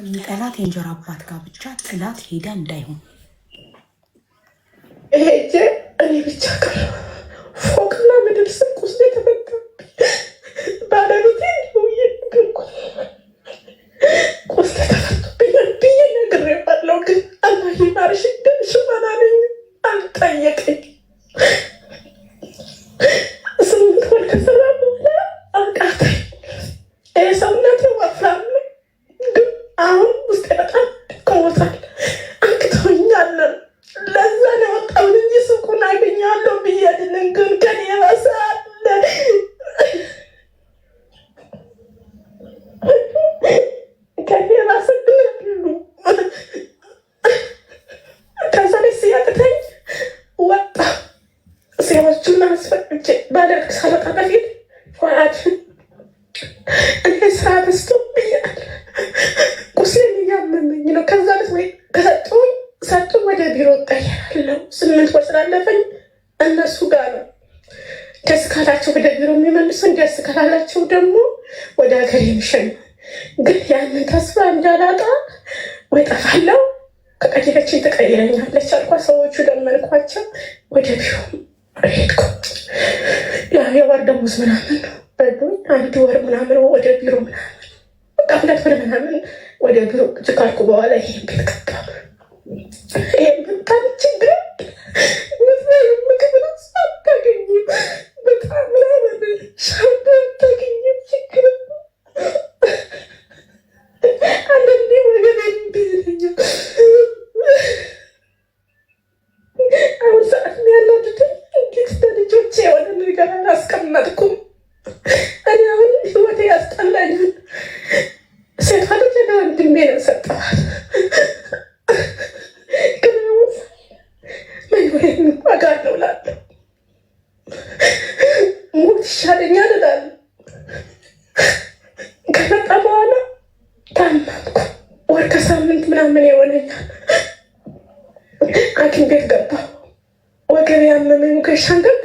ከሚጠላት የእንጀራ አባት ጋር ብቻ ጥላት ሄዳ እንዳይሆን ይሄ እኔ ብቻ ቀረ ፎቅና ምድር ስንቁስ የተመታ ባለሉት አልጠየቀኝ ቢሮ እቀይራለሁ። ስምንት ወር ስላለፈኝ እነሱ ጋር ነው። ደስ ካላቸው ወደ ቢሮ የሚመልሱ ደስ ካላላቸው ደግሞ ወደ ሀገር የሚሸኙ ግን ያንን ተስፋ እንዳላጣ ወይ ጠፋለሁ ከቀየረችን ትቀይረኛለች አልኳ። ሰዎቹ ደመልኳቸው ወደ ቢሮ ሄድኩ። የወር ደሞዝ ምናምን ነው በሉኝ። አንድ ወር ምናምን ወደ ቢሮ ምናምን በቃ ሁለት ወር ምናምን ወደ ቢሮ ጅካልኩ በኋላ ይሄን ቤት ገባ። ይሄ ይሻለኛል እላለሁ። ከመጣ በኋላ ታመምኩ። ወር ከሳምንት ምናምን ይሆነኛል ሐኪም ቤት ገባ። ወገብ ያመመኝ ከሻንገር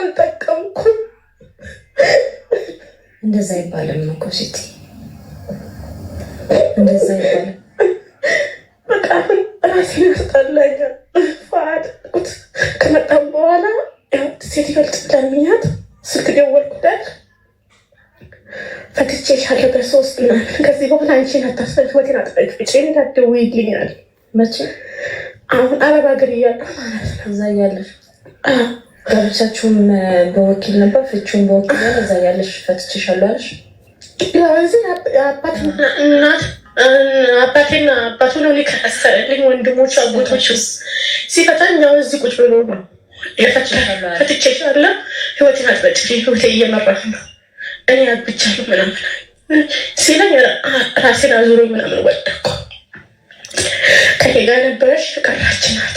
አልጠቀምኩም። እንደዛ አይባልም እኮ ሲቲ፣ እንደዛ አይባልም። በጣም ራሴን ያስጠላኛል። ፈአድ ከመጣም በኋላ ሴት ገልጽ ለምኛት ስልክ ደወልኩላት። ፈትቼሻለሁ በሶስት ምናምን ከዚህ በኋላ አንቺን አታስፈልግ ወቴን አጠጠቅ እንዳትደውይልኛል። መቼ አሁን አረብ ሀገር እያለሁ ማለት ነው እዛ እያለሽ ጋብቻችሁም በወኪል ነበር፣ ፍቺውም በወኪል እዛ ያለሽ ፈትችሻለሁ አባቴና አባቱ ነው ሊከሰልኝ ወንድሞች አጎቶች ሲፈታኝ ያው እዚህ ቁጭ ብሎ ነው ፈትቼሻለ። ህይወቴን አትበጭ፣ ህይወቴ እየመራፍ ነው እኔ አግብቻለሁ ምናምን ሲለኝ ራሴን አዙሮ ምናምን ወደኩ። ከኔ ጋር ነበረች ፍቅራችን ናት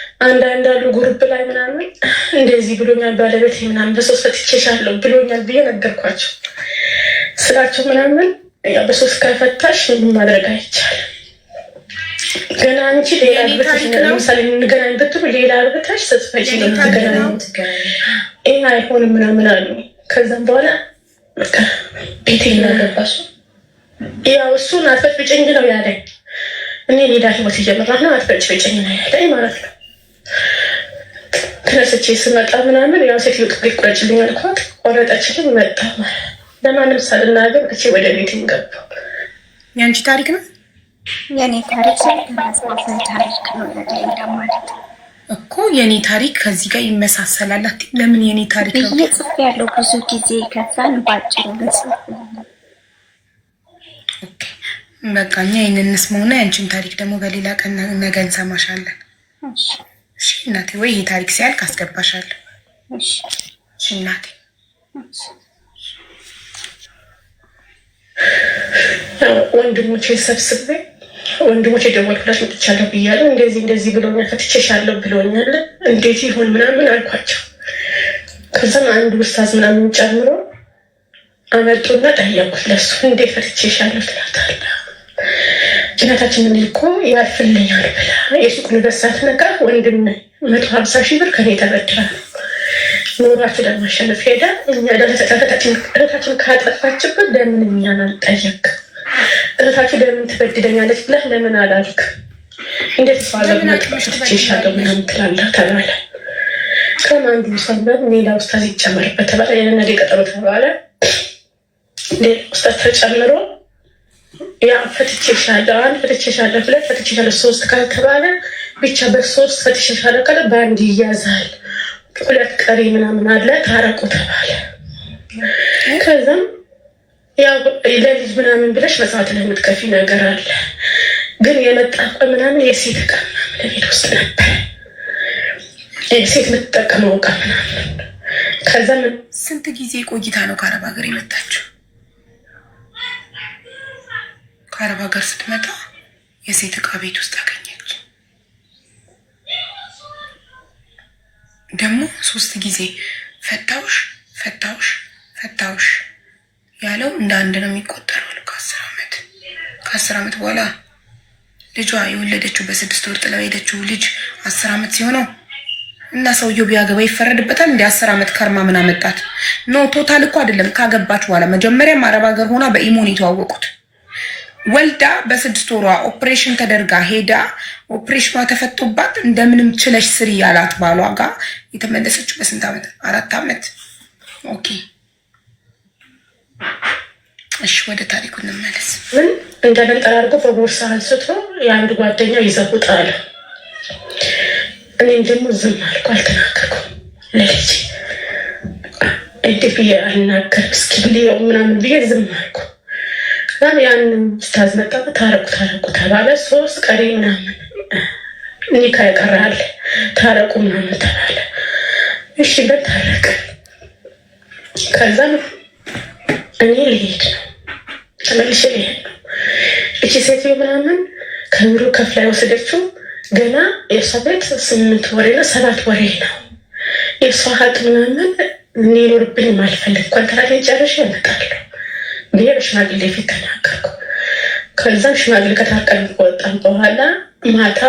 አንዳንድ አሉ ጉርብ ላይ ምናምን እንደዚህ ብሎኛል ባለቤት ምናምን በሶስት ፈትቼሻለሁ ብሎኛል ብዬ ነገርኳቸው ስላቸው ምናምን በሶስት ከፈታሽ ምንም ማድረግ አይቻልም። ገና አንቺ ሌላ ለምሳሌ እንገናኝ ብትሉ ሌላ አርብታሽ ሰጽፈች ይህ አይሆንም ምናምን አሉ። ከዛም በኋላ ቤቴ ናገባሱ ያው እሱን አትፈጭ ብጭኝ ነው ያለኝ። እኔ ሌላ ህይወት እየመራ ነው አትፈጭ ብጭኝ ነው ያለኝ ማለት ነው። ተነስቼ ስመጣ ምናምን ያው ሴት ልቅ ሊቆረጭልኝ አልኳት። ቆረጠችልኝ። መጣ ለማንም ሳልናገር እቼ ወደ ቤት ገባ። የአንቺ ታሪክ ነው የኔ ታሪክ ታሪክ ነው እኮ የኔ ታሪክ ከዚህ ጋር ይመሳሰላላት። ለምን የኔ ታሪክ ነው ጽፍ ያለው ብዙ ጊዜ ከዛን ባጭሩ በቃ እኛ ይህንን እንስማውና የአንቺን ታሪክ ደግሞ በሌላ ቀን ነገ እንሰማሻለን። እሺ እናቴ፣ ወይ ይሄ ታሪክ ሲያልቅ አስገባሻለሁ። እሺ እናቴ። ወንድሞቼ ሰብስቤ ወንድሞቼ ደወልኩላቸው መጥቻለሁ ብያለሁ። እንደዚህ እንደዚህ ብሎኛል፣ ፈትቼሻለሁ ብሎኛል። እንዴት ይሆን ምናምን አልኳቸው። ከዛም አንድ ውስታዝ ምናምን ጨምሮ አመጡና ጠየቁት ለሱ እንዴት ፈትቼሻለሁ ትላታለህ ጭነታችንን ልኮ ያልፍልኛል ብላ የሱቁን በሳት ነቃ ወንድም መቶ ሀምሳ ሺህ ብር ከኔ ተበድራ ኖራችሁ ለማሸነፍ ሄዳ እኛ እህታችን ካጠፋችበት ለምን እኛን አልጠየቅ? እህታችሁ ለምን ትበድደኛለች ብለህ ለምን አላልክ? እንዴት ስባለመጥፋት ይሻለው ምናምን ትላለህ ተባለ። ከማንዱ ሰንበብ ሌላ ውስታዝ ይጨመርበት ተባለ። የነገ ቀጠሮ ተባለ። ሌላ ውስታዝ ተጨምሮ ያ ፈትቼሻለሁ ፈትቼሻለሁ ብለህ ፈትቼሻለሁ ሶስት ከተባለ ብቻ በሶስት ፈትቼሻለሁ ካለ በአንድ ይያዛል። ሁለት ቀሪ ምናምን አለ ታረቁ ተባለ። ከዛም ያው ለልጅ ምናምን ብለሽ መጽዋት ላይ የምትከፊ ነገር አለ። ግን የመጣ እኮ ምናምን የሴት ዕቃ ምናምን ለቤት ውስጥ ነበር ሴት የምትጠቀመው ዕቃ ምናምን። ከዛም ስንት ጊዜ ቆይታ ነው ከአረብ ሀገር የመጣችው? ከአረብ ሀገር ስትመጣ የሴት እቃ ቤት ውስጥ አገኘች። ደግሞ ሶስት ጊዜ ፈታውሽ ፈታውሽ ፈታውሽ ያለው እንደ አንድ ነው የሚቆጠረው። ከአስር ዓመት ከአስር ዓመት በኋላ ልጇ የወለደችው በስድስት ወር ጥለው ሄደችው ልጅ አስር ዓመት ሲሆነው እና ሰውየው ቢያገባ ይፈረድበታል። እንደ አስር ዓመት ከርማ ምን አመጣት? ኖ ቶታል እኮ አይደለም። ካገባች በኋላ መጀመሪያም አረብ ሀገር ሆና በኢሞን የተዋወቁት ወልዳ በስድስት ወሯ ኦፕሬሽን ተደርጋ ሄዳ ኦፕሬሽኗ ተፈቶባት እንደምንም ችለሽ ስሪ ያላት ባሏ ጋር የተመለሰችው በስንት ዓመት? አራት ዓመት። ኦኬ እሺ፣ ወደ ታሪኩ እንመለስ። ምን እንደምን ጠራርጎ በቦርሳ አንስቶ የአንድ ጓደኛ ይዘው ጣለ። እኔም ደግሞ ዝም አልኩ፣ አልተናገርኩም። ለልጅ እንዲህ ብዬ አልናገርም እስኪ ብዬ ምናምን ብዬ ዝም አልኩ። ከዛም ያን ስታዝ መጠበ ታረቁ ታረቁ ተባለ። ሶስት ቀሪ ምናምን ኒካ ይቀራል ታረቁ ምናምን ተባለ። እሺ በት ታረቀ። ከዛም እኔ ልሄድ ነው ተመልሼ ልሄድ ነው። እቺ ሴትዮ ምናምን ከብሩ ከፍ ላይ ወሰደችው። ገና የእሷ ቤት ስምንት ወሬ ነው ሰባት ወሬ ነው የእሷ ሀቅ ምናምን ሊኖርብኝ አልፈልግ ኮንትራት ጨርሼ እመጣለሁ ብሄር ሽማግሌ ፊት ተናገርኩ። ከዛም ሽማግሌ ከታቀል ከወጣም በኋላ ማታ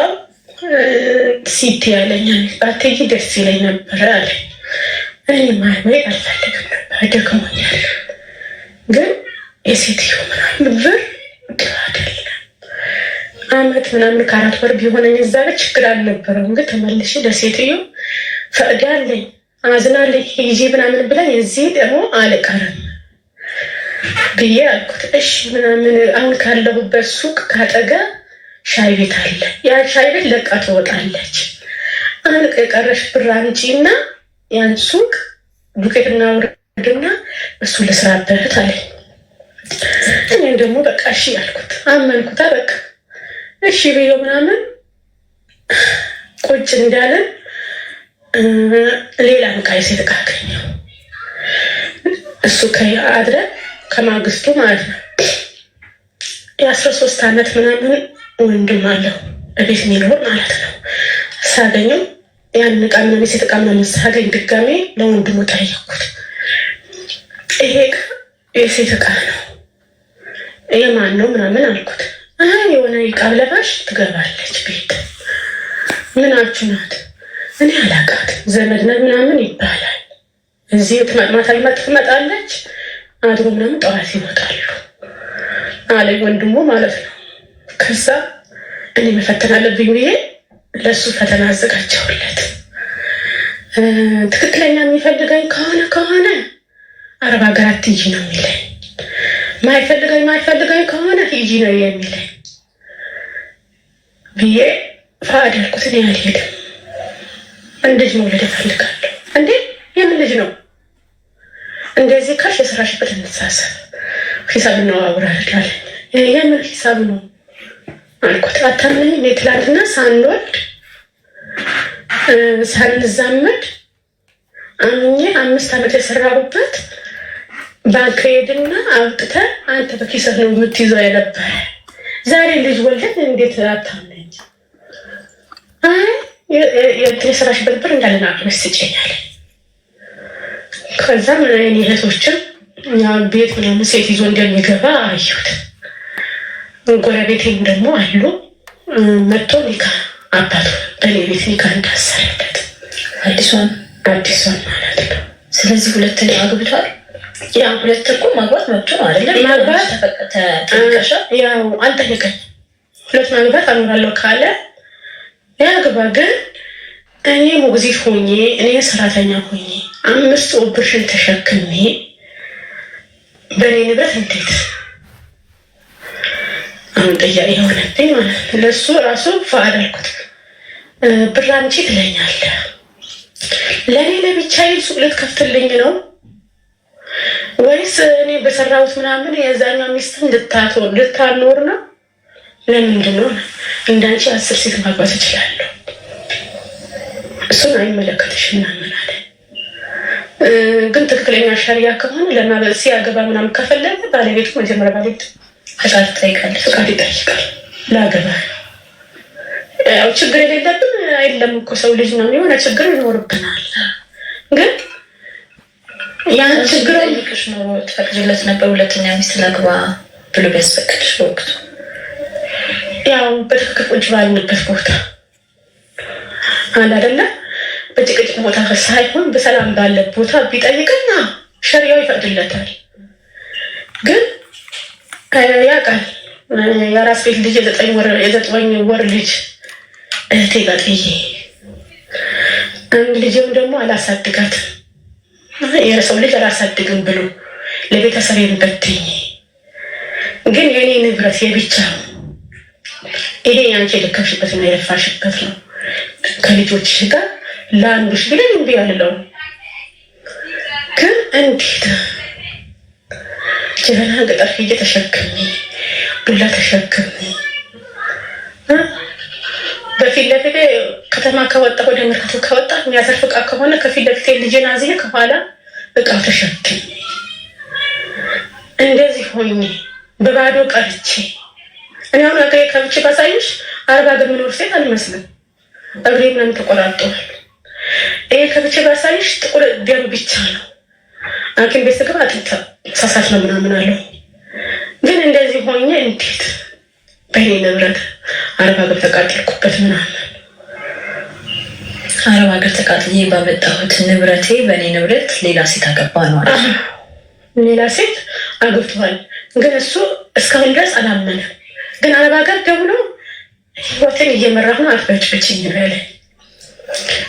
ሲት ያለኛል ባትይ ደስ ይለኝ ነበረ አለ። እኔ ማይ አልፈልግም ነበር ደክሞኛል፣ ግን የሴትዮ ምናምን ብር ግብ አይደለም አመት ምናምን ከአራት ወር ቢሆነኝ እዛ ላይ ችግር አልነበረውም። ግን ተመልሼ ለሴትዮ ፈቅዳለኝ አዝናለኝ ሂጂ ምናምን ብለኝ እዚህ ደግሞ አልቀርም ብዬ አልኩት። እሺ ምናምን አሁን ካለሁበት ሱቅ ካጠገብ ሻይ ቤት አለ። ያ ሻይ ቤት ለቃ ትወጣለች። አሁን የቀረሽ ብር አምጪና ያን ሱቅ ዱቄትና ውርድና እሱ ልስራበት አለኝ። እኔም ደግሞ በቃ እሺ አልኩት። አመንኩታ በቃ እሺ ብዬ ምናምን ቁጭ እንዳለን ሌላ ቃይ ሴት እሱ ከአድረግ ከማግስቱ ማለት ነው የአስራ ሶስት አመት ምናምን ወንድም አለው እቤት የሚኖር ማለት ነው። ሳገኘው ያን ዕቃ ምናምን ሴት ዕቃ ምናምን ሳገኝ ድጋሜ ለወንድሙ ጠየኩት። ይሄ የሴት ዕቃ ነው የማን ነው ምናምን አልኩት። አሀ የሆነ ዕቃ ለባሽ ትገባለች ቤት ምናችሁ ናት? እኔ አላቃት ዘመድ ምናምን ይባላል። እዚህ ትመጥማት አልመጥ ትመጣለች አድሮ ምናምን ጠዋት ይመጣሉ አለ ወንድሞ ማለት ነው። ከዛ እኔ መፈተን አለብኝ ብዬ ለእሱ ፈተና አዘጋጀሁለት። ትክክለኛ የሚፈልገኝ ከሆነ ከሆነ አረብ ሀገራት ሂጂ ነው የሚለኝ። ማይፈልገኝ ማይፈልገኝ ከሆነ ሂጂ ነው የሚለኝ ብዬ ፋድ ያልኩት እኔ አልሄድም። እንዴት መውለድ እፈልጋለሁ እንዴ? የምን ልጅ ነው እንደዚህ ካልሽ የስራሽበት እንተሳሰብ ሂሳብ እናወራለን አለ። የምን ሂሳብ ነው አልኩት። አታምነኝም? የትላንትና ሳንወልድ ሳንዛመድ አምኜ አምስት ዓመት የሰራሁበት ባንክ ሄድና አውጥተህ አንተ በኪስህ ነው የምትይዘው የነበረ። ዛሬ ልጅ ወልደን እንዴት አታምነኝ? የስራሽ በርበር እንዳለን አቅመስ ትጨኛለን ከዛም እኔ እህቶችም ቤት ምናምን ሴት ይዞ እንደሚገባ አየሁት። ጎረቤቴም ደግሞ አሉ መጥቶ ኒካ አባቱ በእኔ ቤት ኒካ እንዳሰረበት አዲሷን አዲሷን ማለት ነው። ስለዚህ ሁለተኛ አግብቷል። ያ ሁለት እኮ ማግባት መብቱ ነው አይደለም? ማግባት ተጠቀሻል። ያው አልጠየቀኝ። ሁለት ማግባት አኖራለሁ ካለ ያግባ ግን እኔ ሞግዚት ሆኜ እኔ ሰራተኛ ሆኜ አምስት ኦፕሬሽን ተሸክሜ በእኔ ንብረት እንዴት አሁን ጥያቄ የሆነብኝ ማለት ለእሱ ራሱ ፈቃድ አልኩት። ብር አምጪ ትለኛለህ። ለእኔ ለብቻዬ ሱቅ ልትከፍትልኝ ነው ወይስ እኔ በሰራሁት ምናምን የዛኛው ሚስት ልታኖር ነው? ለምንድን ነው እንዳንቺ አስር ሴት ማግባት እችላለሁ እሱን አይመለከትሽ ምናምን አለ። ግን ትክክለኛ ሸሪያ ከሆነ ለና ሲያገባ ምናምን ከፈለገ ባለቤቱ መጀመሪያ ባለቤት ፈቃድ ይጠይቃል፣ ፈቃድ ይጠይቃል ለአገባ ያው ችግር የሌለብን አይደለም እኮ ሰው ልጅ ነው። የሆነ ችግር ይኖርብናል። ግን ያን ችግር ልቅሽ ኖሮ ትፈቅድለት ነበር ሁለተኛ ሚስት ላግባ ብሎ ቢያስፈቅድሽ በወቅቱ ያው በትክክል ቁጭ ባልንበት ቦታ አንድ አደለም በጭቅጭቅ ቦታ ሳይሆን በሰላም ባለ ቦታ ቢጠይቅና ሸሪያው ይፈቅድለታል። ግን ያውቃል የአራስ ቤት ልጅ የዘጠኝ ወር ልጅ እህቴ ጋር ጥዬ ልጅም ደግሞ አላሳድጋት የሰው ልጅ አላሳድግም ብሎ ለቤተሰብ በትኝ ግን የኔ ንብረት የብቻ ይሄ አንቺ የለከፍሽበት ነው የለፋሽበት ነው ከልጆችሽ ጋር ለአንዱሽ ብለን እምቢ ያለው ግን እንዴት ጀበና ገጠር ሄጄ ተሸክሜ ዱላ ተሸክሜ በፊት ለፊት ከተማ ከወጣ ወደ መርካቶ ከወጣ የሚያሰርፍ እቃ ከሆነ ከፊት ለፊት ልጄን አዝዬ ከኋላ እቃው ተሸክሜ እንደዚህ ሆኜ በባዶ ቀርቼ እኔ አሁን አገሬ ከብቼ ባሳይሽ አረብ አገር የምኖር ሴት አልመስልም። እግሬ ምናምን ተቆራርጠዋል። ይሄ ከብቼ ባሳይሽ ጥቁር ደም ብቻ ነው። ሐኪም ቤት ስገባ አጥንት ሳሳት ነው ምናምን አለው። ግን እንደዚህ ሆኜ እንዴት በእኔ ንብረት አረብ ሀገር ተቃጠልኩበት ምናምን አረብ ሀገር ተቃጥዬ ባመጣሁት ንብረቴ በእኔ ንብረት ሌላ ሴት አገባ ነው አለ። ሌላ ሴት አግብተዋል። ግን እሱ እስካሁን ድረስ አላመነም። ግን አረብ ሀገር ደውሎ ህይወትን እየመራሁን አልፈጭበችኝ ነው ያለኝ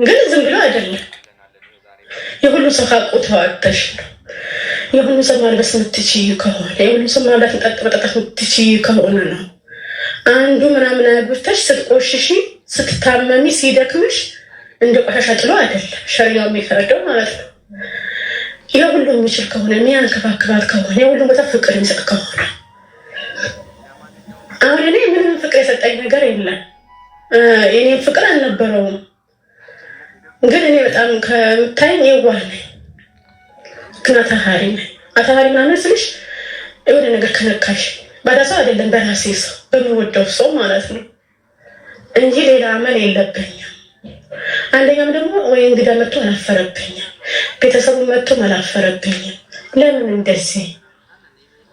ግን ዝም ብሎ አይደለም። የሁሉ ሰው ካቁት ተዋግተሽ ነው። የሁሉ ሰው ማልበስ የምትችይ ከሆነ የሁሉ ሰው ማብላት ጠጥ መጠጣት የምትችይ ከሆነ ነው። አንዱ ምናምን አያግብተሽ ስትቆሽሺ፣ ስትታመሚ፣ ሲደክምሽ እንደ ቆሻሻ ጥሎ አይደለም ሸሪያው የሚፈረደው ማለት ነው። የሁሉ የሚችል ከሆነ የሚያንከባክባት ከሆነ የሁሉም ቦታ ፍቅር የሚሰጥ ከሆነ አሁን እኔ ምንም ፍቅር የሰጠኝ ነገር የለም። የኔም ፍቅር አልነበረውም። ግን እኔ በጣም ከምታይ የዋህ ነኝ፣ ግን አታሃሪ ነኝ። አታሃሪ ምናምን ስልሽ የሆነ ነገር ከነካሽ በራሰው አይደለም በራሴ ሰው በምወደው ሰው ማለት ነው እንጂ ሌላ አመል የለብኝም። አንደኛም ደግሞ ወይ እንግዳ መጥቶ አላፈረብኝም፣ ቤተሰቡ መጥቶ አላፈረብኝም። ለምን እንደዚህ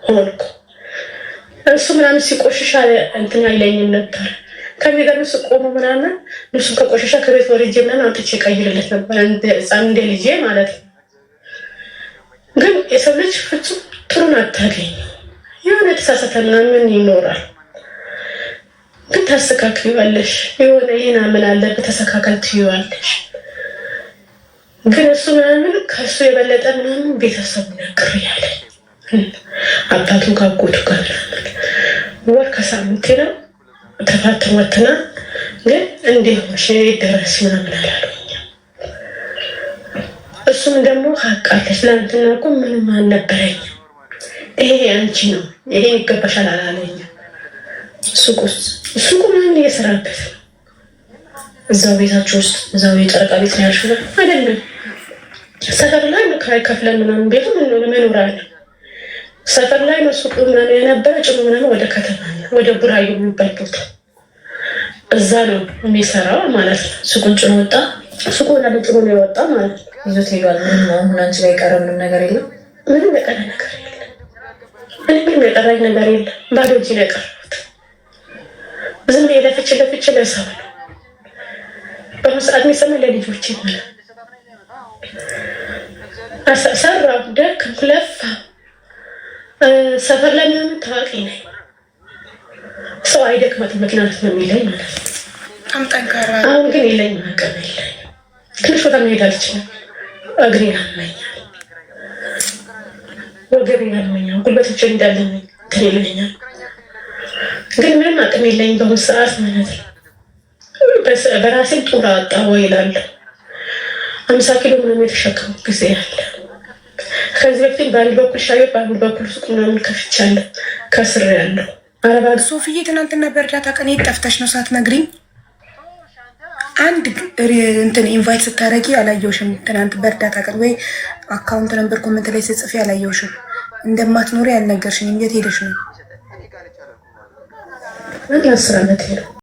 ሆንኩ? እሱ ምናምን ሲቆሽሽ እንትን አይለኝም ነበር ከቤት ጋር ንሱ ቆሞ ምናምን ልብሱም ከቆሻሻ ከቤት ወርጄ ምናምን አምጥቼ ቀይርለት ነበር፣ ህፃን እንደ ልጄ ማለት ነው። ግን የሰው ልጅ ፍጹም ጥሩን አታገኝ፣ የሆነ የተሳሳተ ምናምን ይኖራል። ግን ታስተካክዪዋለሽ፣ የሆነ ይህን ምን አለ ተስተካከል ትዪዋለሽ። ግን እሱ ምናምን ከእሱ የበለጠ ምናምን ቤተሰቡ ነግር ያለ አባቱ ከአጎቱ ጋር ምናምን ወር ከሳምንት ነው ተፋተማትና ግን እንዲህ ሸቤት ድረስ ምናምን አላሉኛ። እሱም ደግሞ ሀቃለች ትናንትና እኮ ምንም አልነበረኝ ይሄ አንቺ ነው ይሄ ይገባሻል አላለኛ። ሱቅ ውስጥ ሱቁ ምንም እየሰራበት ነው እዛው ቤታችሁ ውስጥ እዛው የጨረቃ ቤት ነው ያልሽው አይደለም ሰፈር ላይ ክራይ ከፍለን ምናምን ቤቱ መኖር አለ ሰፈር ላይ ነው ሱቅ ምናምን የነበረ ጭሙ ምናምን ወደ ከተማ ወደ ቡራዩ የሚባል ቦታ እዛ ነው የሚሰራው ማለት ነው። ሱቁን ጭኖ ወጣ። ሱቁ ወደ ጭኖ ነው የወጣ ማለት ነው። ይዞት ሄዷል። አሁን አንቺ ላይ የቀረ ምንም ነገር የለም። ምንም የቀረ ነገር የለም። ምንም የቀረኝ ነገር የለም። ባዶ እጄን የቀረሁት ዝም ብዬ ለፍቼ ለፍቼ ለሰው ነው በአሁኑ ሰዓት የሚሰማ ለልጆች ይሆናል። ሰራሁ፣ ደከምኩ፣ ለፋ ሰፈር ላይ ምናምን ታዋቂ ነኝ። ሰው አይደክማትም መኪና ነው የሚለኝ ማለት ነው። ጠንካራ አሁን ግን የለኝም፣ አቅም የለኝም። ትንሽ ቦታ መሄድ አልችልም። እግሬን አመኛል፣ ወገቤን አመኛል፣ ጉልበቶች እንዳለኝ እንትን ግን ምንም አቅም የለኝ በአሁኑ ሰዓት ማለት ነው። በራሴ ጡር አጣ ወይ እላለሁ። አምሳ ኪሎ ምንም የተሸከሙ ጊዜ አለ ከዚህ በፊት በአንድ በኩል ሻዩ በአንድ በኩል ሱቅ ምናምን ከፍቻለሁ። ከስር ያለው አረባ ሶፍዬ፣ ትናንትና በእርዳታ ቀን ጠፍተሽ ነው ሳትነግሪኝ። አንድ እንትን ኢንቫይት ስታረጊ አላየውሽም። ትናንት በእርዳታ ቀን ወይ አካውንት ነበር ኮመንት ላይ ስጽፍ ያላየውሽም እንደማትኖሪ ያልነገርሽኝ የት ሄደሽ ነው? አንድ አስር ዓመት ሄደው